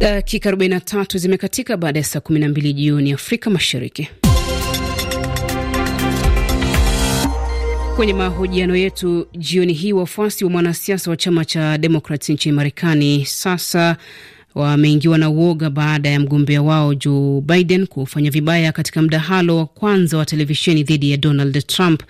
Dakika 43 zimekatika baada ya saa 12 jioni Afrika Mashariki. Kwenye mahojiano yetu jioni hii, wafuasi wa mwanasiasa wa chama cha Demokrat nchini Marekani sasa wameingiwa na uoga baada ya mgombea wao Joe Biden kufanya vibaya katika mdahalo wa kwanza wa televisheni dhidi ya Donald Trump.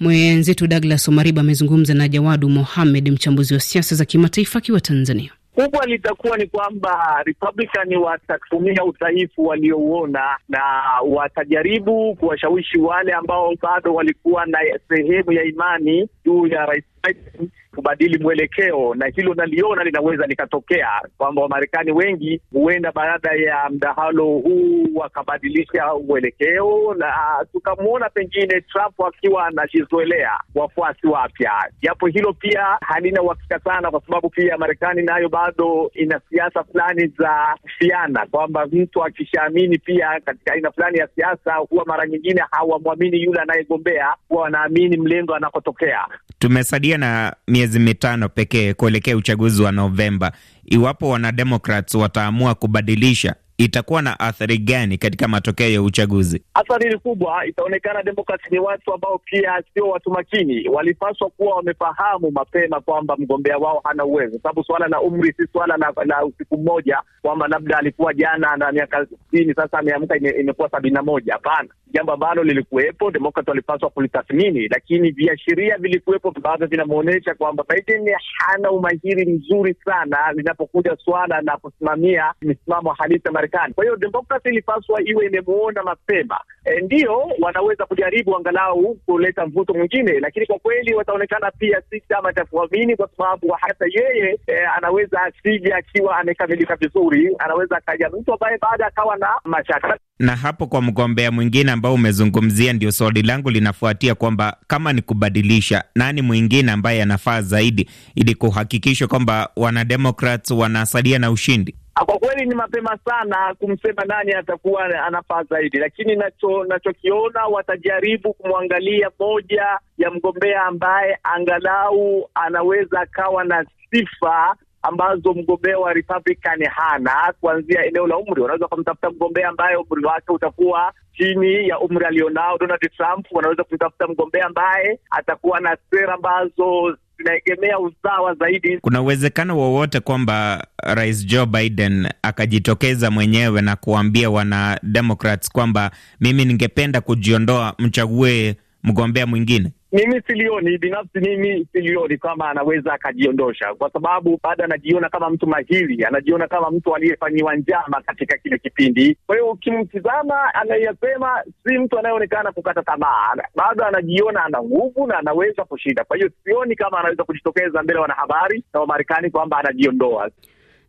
Mwenzetu Douglas Omariba amezungumza na Jawadu Mohamed, mchambuzi wa siasa za kimataifa akiwa Tanzania kubwa litakuwa ni kwamba Republican watatumia udhaifu waliouona na watajaribu kuwashawishi wale ambao bado walikuwa na sehemu ya imani juu ya rais Biden kubadili mwelekeo, na hilo naliona linaweza likatokea kwamba Wamarekani wengi huenda baada ya mdahalo huu wakabadilisha mwelekeo, na tukamwona pengine Trump akiwa anajizoelea wafuasi wapya, japo hilo pia halina uhakika sana, kwa sababu pia Marekani nayo bado ina siasa fulani za kufiana kwamba mtu akishaamini pia katika aina fulani ya siasa huwa mara nyingine hawamwamini yule anayegombea, huwa wanaamini mlengo anakotokea. tumesadia na mie miezi mitano pekee kuelekea uchaguzi wa Novemba. Iwapo wanademokrats wataamua kubadilisha itakuwa na athari gani katika matokeo ya uchaguzi? Athari ni kubwa, itaonekana demokrasi ni watu ambao pia sio watu makini. Walipaswa kuwa wamefahamu mapema kwamba mgombea wao hana uwezo, sababu suala la umri si suala la, la usiku mmoja, kwamba labda alikuwa jana na miaka sitini, sasa ameamka imekuwa sabini na moja. Hapana, jambo ambalo lilikuwepo, Demokrat walipaswa kulitathmini, lakini viashiria vilikuwepo ambavyo vinamwonyesha kwamba Biden hana umahiri mzuri sana linapokuja swala la kusimamia misimamo halisi ya Marekani. Kwa hiyo Demokrat ilipaswa iwe imemwona mapema. E, ndio wanaweza kujaribu angalau kuleta mvuto mwingine, lakini kwa kweli wataonekana pia si chama cha kuamini, kwa sababu hata yeye e, anaweza asije akiwa amekamilika vizuri, anaweza akaja mtu ambaye baada akawa na mashaka. Na hapo kwa mgombea mwingine ambao umezungumzia, ndio swali langu linafuatia kwamba kama ni kubadilisha, nani mwingine ambaye anafaa zaidi ili kuhakikisha kwamba wanademokrat wanasalia na ushindi? Ah, kwa kweli ni mapema sana kumsema nani atakuwa anafaa zaidi, lakini nacho nachokiona watajaribu kumwangalia moja ya mgombea ambaye angalau anaweza akawa na sifa ambazo mgombea wa Republican hana kuanzia eneo la umri. Wanaweza kumtafuta mgombea ambaye umri wake utakuwa chini ya umri alionao Donald Trump. Wanaweza kumtafuta mgombea ambaye atakuwa na sera ambazo zinaegemea usawa zaidi. Kuna uwezekano wowote kwamba Rais Joe Biden akajitokeza mwenyewe na kuambia wana Democrats kwamba mimi ningependa kujiondoa, mchague mgombea mwingine? Mimi silioni binafsi, mimi silioni kama anaweza akajiondosha, kwa sababu bado anajiona kama mtu mahiri, anajiona kama mtu aliyefanyiwa njama katika kile kipindi. Kwa hiyo ukimtizama, anayesema si mtu anayeonekana kukata tamaa, bado anajiona ana nguvu na anaweza kushinda. Kwa hiyo sioni kama anaweza kujitokeza mbele wanahabari na Wamarekani kwamba anajiondoa.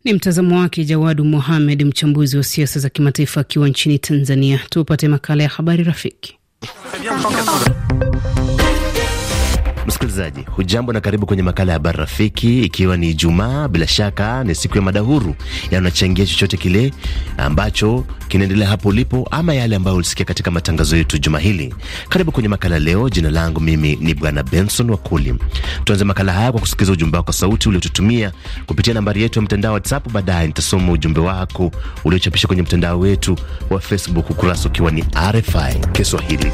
Ni mtazamo wake Jawadu Mohamed, mchambuzi wa siasa za kimataifa akiwa nchini Tanzania. Tupate makala ya habari rafiki. Très bien, Msikilizaji, hujambo na karibu kwenye makala ya habari rafiki, ikiwa ni jumaa Bila shaka ni siku ya mada huru, yanachangia chochote kile ambacho kinaendelea hapo ulipo, ama yale ambayo ulisikia katika matangazo yetu juma hili. Karibu kwenye makala leo. Jina langu mimi ni Bwana Benson Wakuli. Tuanze makala haya kwa kusikiliza ujumbe wako sauti uliotutumia kupitia nambari yetu ya mtandao WhatsApp. Baadaye nitasoma ujumbe wako uliochapisha kwenye mtandao wetu wa Facebook, ukurasa ukiwa ni RFI Kiswahili.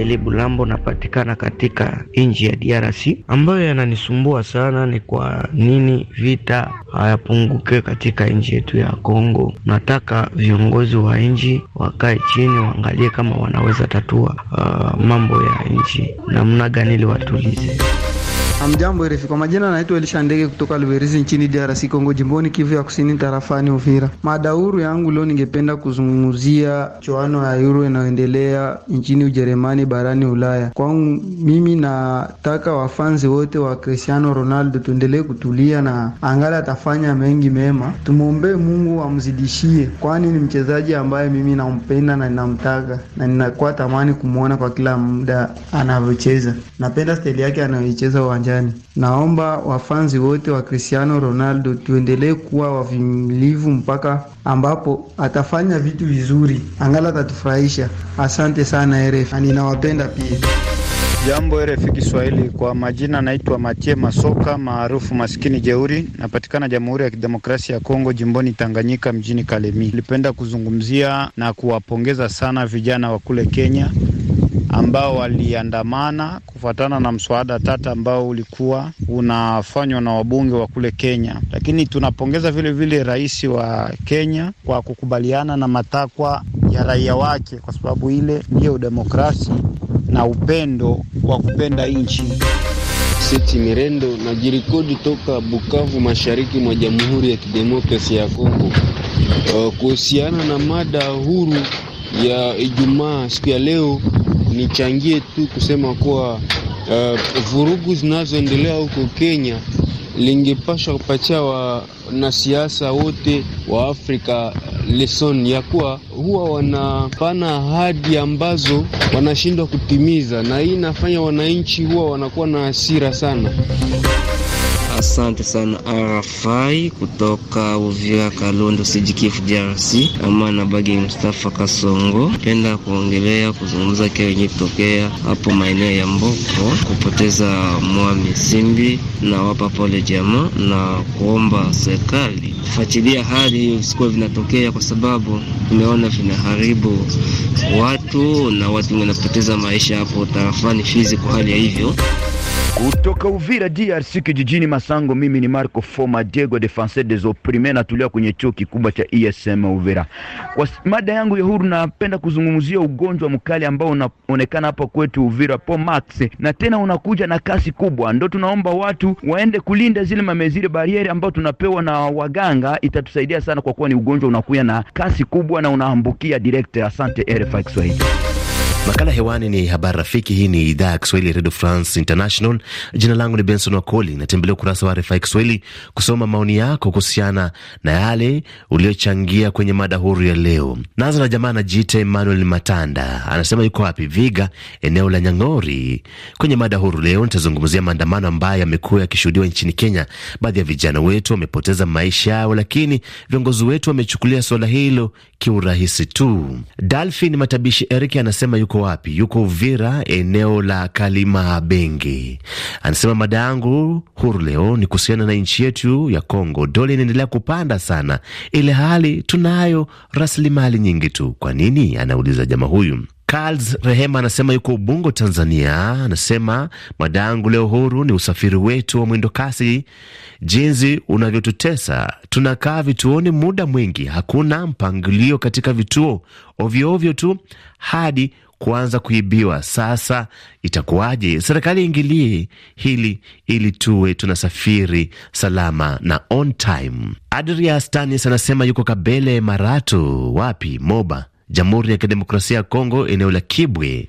Eli Bulambo napatikana katika nchi ya DRC. Ambayo yananisumbua sana ni kwa nini vita hayapunguke katika nchi yetu ya Kongo. Nataka viongozi wa nchi wakae chini, waangalie kama wanaweza tatua uh, mambo ya nchi namna gani ili watulize. Amjambo refi, kwa majina naitwa Elisha Ndege kutoka Luberizi nchini DRC Kongo, jimboni Kivu ya Kusini, tarafani Uvira. Madauru yangu leo, ningependa kuzungumzia choano ya Euro inayoendelea nchini Ujerumani barani Ulaya. Kwangu mimi, nataka wafanzi wote wa Cristiano Ronaldo tuendelee kutulia na angala atafanya mengi mema, tumwombee Mungu amzidishie, kwani ni mchezaji ambaye mimi nampenda na ninamtaka na ninakuwa tamani kumwona kwa kila muda anavyocheza. Napenda steli yake anayoicheza uwanja uwanjani. Naomba wafanzi wote wa Cristiano Ronaldo tuendelee kuwa wavumilivu mpaka ambapo atafanya vitu vizuri, angala atatufurahisha. Asante sana RF, ninawapenda pia. Jambo RF Kiswahili, kwa majina naitwa Matie Masoka maarufu maskini jeuri, napatikana Jamhuri ya Kidemokrasia ya Kongo, jimboni Tanganyika, mjini Kalemi. Nilipenda kuzungumzia na kuwapongeza sana vijana wa kule Kenya ambao waliandamana kufuatana na mswada tata ambao ulikuwa unafanywa na wabunge wa kule Kenya. Lakini tunapongeza vile vile rais wa Kenya kwa kukubaliana na matakwa ya raia wake, kwa sababu ile ndiyo demokrasi na upendo wa kupenda nchi. Siti Mirendo na jirikodi toka Bukavu, mashariki mwa Jamhuri ya Kidemokrasi ya Kongo. Uh, kuhusiana na mada huru ya Ijumaa siku ya leo nichangie tu kusema kuwa uh, vurugu zinazoendelea huko Kenya lingepasha kupatia wanasiasa wote wa Afrika eh, leson ya kuwa huwa wanapana ahadi ambazo wanashindwa kutimiza, na hii inafanya wananchi huwa wanakuwa na hasira sana. Asante sana RFI kutoka Uvira, Kalundo, CGKF DRC. na Bagi Mustafa Kasongo, penda kuongelea kuzungumza kile tokea hapo maeneo ya Mboko, kupoteza Mwami Simbi na wapa pole jama na kuomba serikali kufuatilia hali hiyo visikuwa vinatokea, kwa sababu tumeona vinaharibu watu na watu wanapoteza maisha hapo tarafani Fizi kwa hali ya hivyo. Kutoka Uvira DRC kijijini Masango, mimi ni Marco Foma Diego Defenseur des Opprimes, natulia kwenye chuo kikubwa cha ISM e Uvira. Kwa mada yangu ya huru, napenda kuzungumzia ugonjwa mkali ambao unaonekana hapa kwetu Uvira Pomax, na tena unakuja na kasi kubwa. Ndo tunaomba watu waende kulinda zile mamezile barieri ambao tunapewa na waganga, itatusaidia sana kwa kuwa ni ugonjwa unakuya na kasi kubwa na unaambukia direct. Asante RFI Kiswahili. Makala hewani ni habari rafiki. Hii ni idhaa ya Kiswahili ya redio France International. Jina langu ni Benson Wakoli. Natembelea ukurasa wa RFI Kiswahili kusoma maoni yako kuhusiana na yale uliochangia kwenye mada huru ya leo. Naanza na jamaa anajiita Emmanuel Matanda, anasema yuko wapi? Viga, eneo la Nyang'ori. Kwenye mada huru leo nitazungumzia maandamano ambayo yamekuwa yakishuhudiwa nchini Kenya. Baadhi ya vijana wetu wamepoteza maisha yao, lakini viongozi wetu wamechukulia suala hilo kiurahisi tu. Dalfin Matabishi Eric anasema yuko wapi? Yuko Uvira, eneo la Kalima Bengi. Anasema mada yangu huru leo ni kuhusiana na nchi yetu ya Kongo. Dola inaendelea kupanda sana, ile hali tunayo rasilimali nyingi tu, kwa nini? Anauliza jamaa huyu. Karls Rehema anasema yuko Ubungo, Tanzania. Anasema mada yangu leo huru ni usafiri wetu wa mwendo kasi, jinsi unavyotutesa. Tunakaa vituoni muda mwingi, hakuna mpangilio katika vituo, ovyoovyo tu hadi kuanza kuibiwa. Sasa itakuwaje? Serikali ingilie hili ili tuwe tunasafiri salama na on time. Adria Stanis anasema yuko Kabele Maratu, wapi Moba Jamhuri ya Kidemokrasia ya Kongo, eneo la Kibwe.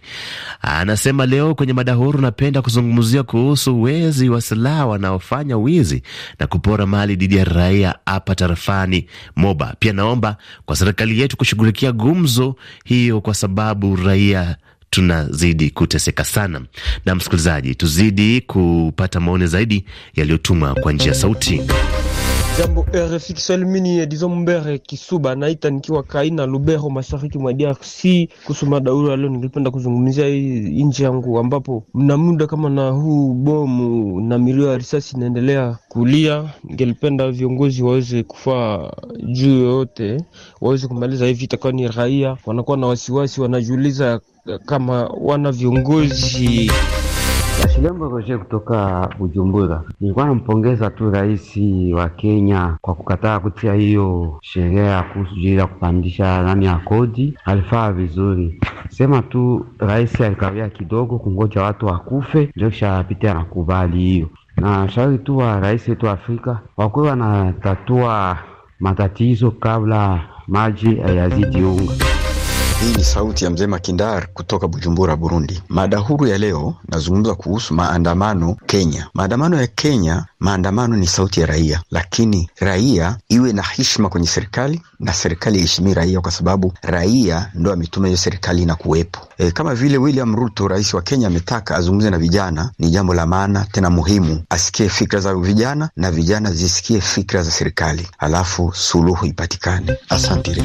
Anasema leo kwenye mada huru, napenda kuzungumzia kuhusu wezi wa silaha wanaofanya wizi na kupora mali dhidi ya raia hapa tarafani Moba. Pia naomba kwa serikali yetu kushughulikia gumzo hiyo, kwa sababu raia tunazidi kuteseka sana. Na msikilizaji, tuzidi kupata maoni zaidi yaliyotumwa kwa njia ya sauti. Jambo RFI Kiswahili ya Mbere Kisuba naita nikiwa Kaina Lubero, mashariki mwa DRC. Kuhusu mada huru leo, nilipenda kuzungumzia hii nchi yangu ambapo mna muda kama na huu bomu na milio ya risasi inaendelea kulia. Ningelipenda viongozi waweze kufaa juu yoyote, waweze kumaliza hii vita, kwani raia wanakuwa na wasiwasi, wanajiuliza kama wana viongozi Jambo Roger kutoka Bujumbura. Nilikuwa nampongeza tu rais wa Kenya kwa kukataa kutia hiyo sheria kuhusu juu ya kupandisha nani ya kodi, alifaa vizuri. Sema tu rais alikawia kidogo kungoja watu wakufe, ndio kishapitia na kubali hiyo. Na shauri tu wa rais wetu wa Afrika wakuwe wanatatua matatizo kabla maji hayazidi unga. Hii ni sauti ya mzee Makindar kutoka Bujumbura, Burundi. Mada huru ya leo nazungumza kuhusu maandamano Kenya. Maandamano ya Kenya, maandamano ni sauti ya raia, lakini raia iwe na heshima kwenye serikali na serikali iheshimii raia, kwa sababu raia ndo ametuma hiyo serikali na kuwepo. E, kama vile William Ruto rais wa Kenya ametaka azungumze na vijana, ni jambo la maana tena muhimu, asikie fikra za vijana na vijana zisikie fikra za serikali, alafu suluhu ipatikane. Asante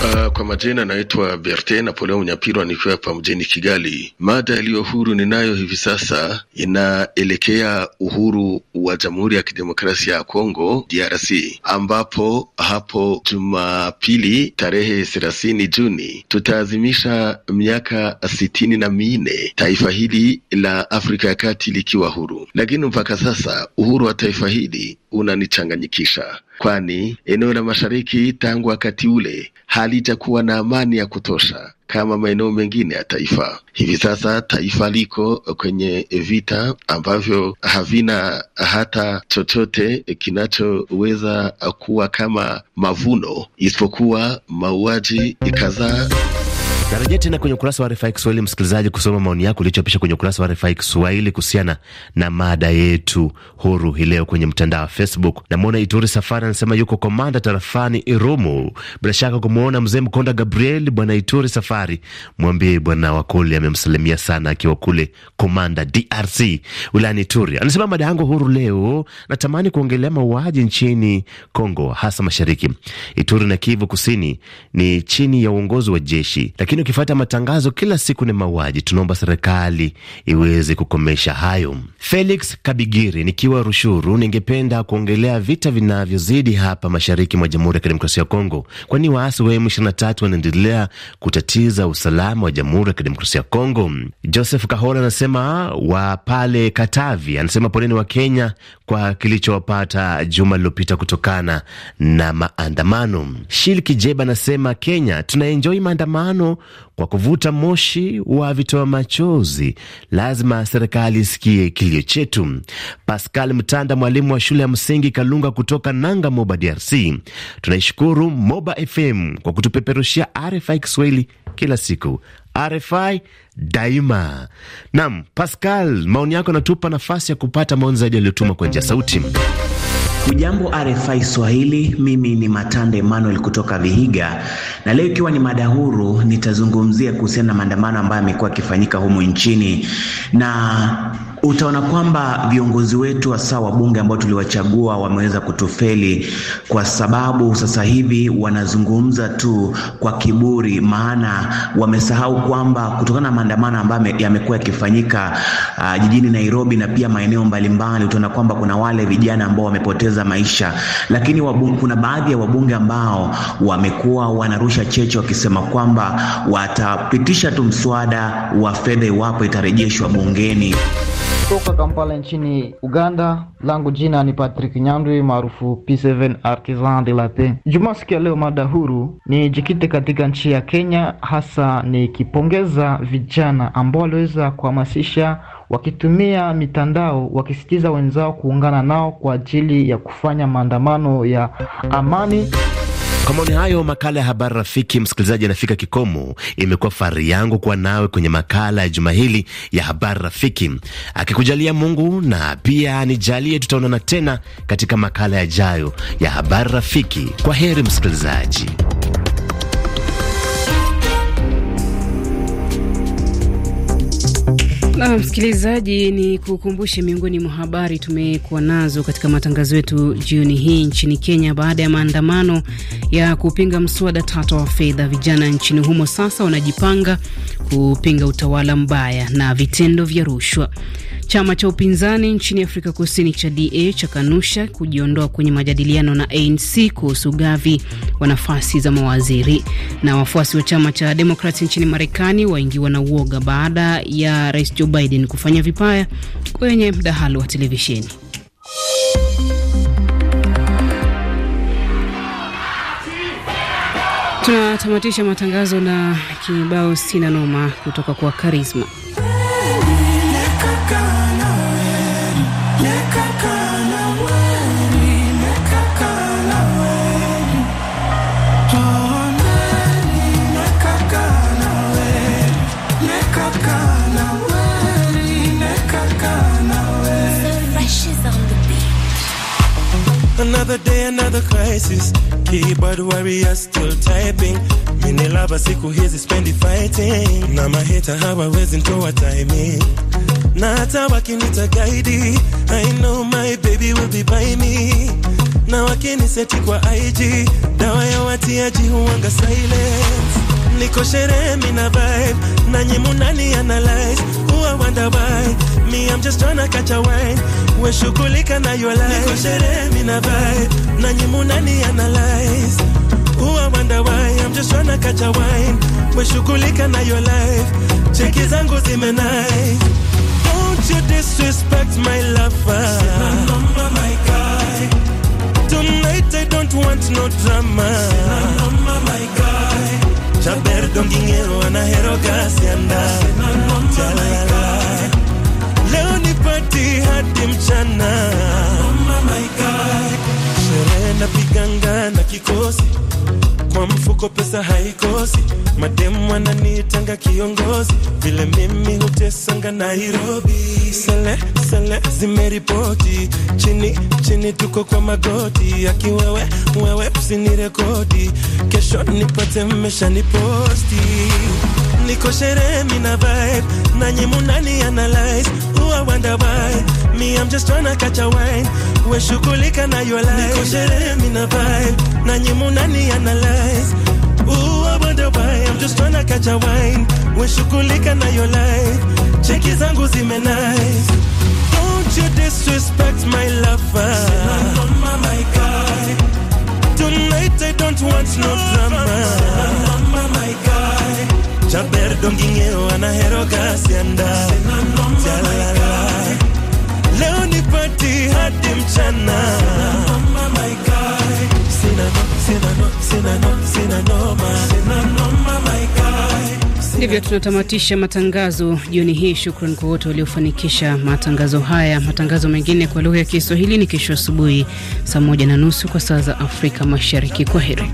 Uh, kwa majina naitwa Berte Napoleon Nyapirwa nikiwa hapa mjini Kigali. Mada yaliyo huru ninayo hivi sasa inaelekea uhuru wa Jamhuri ya Kidemokrasia ya Kongo DRC, ambapo hapo Jumapili tarehe thelathini Juni tutaazimisha miaka sitini na minne taifa hili la Afrika ya Kati likiwa huru, lakini mpaka sasa uhuru wa taifa hili unanichanganyikisha, kwani eneo la mashariki tangu wakati ule halitakuwa na amani ya kutosha kama maeneo mengine ya taifa. Hivi sasa taifa liko kwenye vita ambavyo havina hata chochote kinachoweza kuwa kama mavuno isipokuwa mauaji kadhaa. Narejea tena kwenye ukurasa wa RFI Kiswahili, msikilizaji, kusoma maoni yako uliochapisha kwenye ukurasa wa RFI Kiswahili kuhusiana na mada yetu huru hii leo kwenye mtandao wa Facebook. Namwona Ituri Safari anasema yuko Komanda tarafani Irumu. Bila shaka kumwona mzee Mkonda Gabriel. Bwana Ituri Safari, mwambie bwana Wakoli amemsalimia sana akiwa kule Komanda, DRC, wilayani Ituri. Anasema mada yangu huru leo, natamani kuongelea mauaji nchini Kongo, hasa mashariki Ituri na Kivu Kusini. Ni chini ya uongozi wa jeshi, lakini lakini ukifuata matangazo kila siku ni mauaji. Tunaomba serikali iweze kukomesha hayo. Felix Kabigiri nikiwa Rushuru, ningependa kuongelea vita vinavyozidi hapa mashariki mwa Jamhuri ya Kidemokrasia ya Kongo, kwani waasi wa M23 wanaendelea kutatiza usalama wa Jamhuri ya Kidemokrasia ya Kongo. Joseph Kahola anasema wa pale Katavi, anasema poleni wa Kenya kwa kilichowapata juma lililopita kutokana na maandamano. Shil Kijeba anasema Kenya tunaenjoi maandamano kwa kuvuta moshi wa vitoa machozi, lazima serikali isikie kilio chetu. Pascal Mtanda, mwalimu wa shule ya msingi Kalunga kutoka Nanga, Moba, DRC, tunaishukuru Moba FM kwa kutupeperushia RFI Kiswahili kila siku. RFI daima. Nam Pascal, maoni yako anatupa nafasi ya kupata maoni zaidi yaliyotuma kwa njia sauti. Ujambo RFI Swahili, mimi ni Matande Emmanuel kutoka Vihiga, na leo ikiwa ni mada huru, nitazungumzia kuhusiana na maandamano ambayo yamekuwa yakifanyika humu nchini na utaona kwamba viongozi wetu hasa wabunge ambao tuliwachagua wameweza kutufeli, kwa sababu sasa hivi wanazungumza tu kwa kiburi, maana wamesahau kwamba kutokana na maandamano ambayo yamekuwa yakifanyika uh, jijini Nairobi na pia maeneo mbalimbali, utaona kwamba kuna wale vijana ambao wamepoteza maisha, lakini wabunge, kuna baadhi ya wabunge ambao wamekuwa wanarusha cheche wakisema kwamba watapitisha tu mswada wa fedha iwapo itarejeshwa bungeni. Kutoka Kampala nchini Uganda, langu jina ni Patrick Nyandwi maarufu P7 Artisan de la Paix. Jumaa siku ya leo, mada huru ni jikite katika nchi ya Kenya, hasa ni kipongeza vijana ambao waliweza kuhamasisha wakitumia mitandao wakisikiza wenzao kuungana nao kwa ajili ya kufanya maandamano ya amani. Kwa maoni hayo, makala ya habari rafiki, msikilizaji, anafika kikomo. Imekuwa fahari yangu kuwa nawe kwenye makala ya juma hili ya habari rafiki. Akikujalia Mungu na pia nijalie, tutaonana tena katika makala yajayo ya habari rafiki. Kwa heri msikilizaji. Na msikilizaji, ni kukumbushe miongoni mwa habari tumekuwa nazo katika matangazo yetu jioni hii. Nchini Kenya, baada ya maandamano ya kupinga mswada tata wa fedha, vijana nchini humo sasa wanajipanga kupinga utawala mbaya na vitendo vya rushwa. Chama cha upinzani nchini Afrika Kusini cha DA cha kanusha kujiondoa kwenye majadiliano na ANC kuhusu ugavi wa nafasi za mawaziri. Na wafuasi wa chama cha Demokrati nchini Marekani waingiwa na uoga baada ya rais Joe Biden kufanya vipaya kwenye mdahalo wa televisheni. Tunatamatisha matangazo na kibao sina noma kutoka kwa karisma Another day, another crisis. Keyboard warrior still typing. Mini lava siku hizi spendi fighting. Na maheta hawawezi ntoa timing. Na hata wakinita guide, I know my baby will be by me. Na wakiniseti kwa IG, dawa ya watiaji huanga silence. Niko sherehe mina vibe, nanyi munani analyze, huwa wonder why Me, I'm just tryna catch a wine. We shughulika na your life. Niko sherehe, mina vibe. Nanyi nani analyze. Who I wonder why? I'm just tryna catch a wine. We shughulika na your life. Cheki zangu zimenai. Don't you disrespect my lover. Sina mama, my guy. Tonight I don't want no drama. Sina mama, my guy. Chaber dongingero eh, anahero gasianda. Sina mama, my guy. hadi mchana sherehe na piganga na kikosi kwa mfuko pesa haikosi, mademu wananitanga kiongozi, vile mimi hutesanga Nairobi. Sele sele zimeripoti chini chini, tuko kwa magoti, akiwewe wewe usinirekodi, kesho nipate mmesha niposti. Niko sherehe mina vibe nanyi munani analyze uwa wonder why Me, I'm just trying to catch a wine. We shughulika na your life. Niko sherehe mina vibe. Na nyi nani analyze. Ooh, I wonder why. I'm just trying to catch a wine. We shughulika na your life. Cheki zangu zime nice. Don't you disrespect my lover. Mama, my guy. Tonight I don't want no drama. Mama, my guy. Chaber dongingeyo anahero gasianda. Mama, my guy. sikupati hadi mchana ndivyo tunatamatisha matangazo jioni hii. Shukran kwa wote waliofanikisha matangazo haya. Matangazo mengine kwa lugha ya Kiswahili ni kesho asubuhi saa moja na nusu kwa saa za Afrika Mashariki. Kwa heri.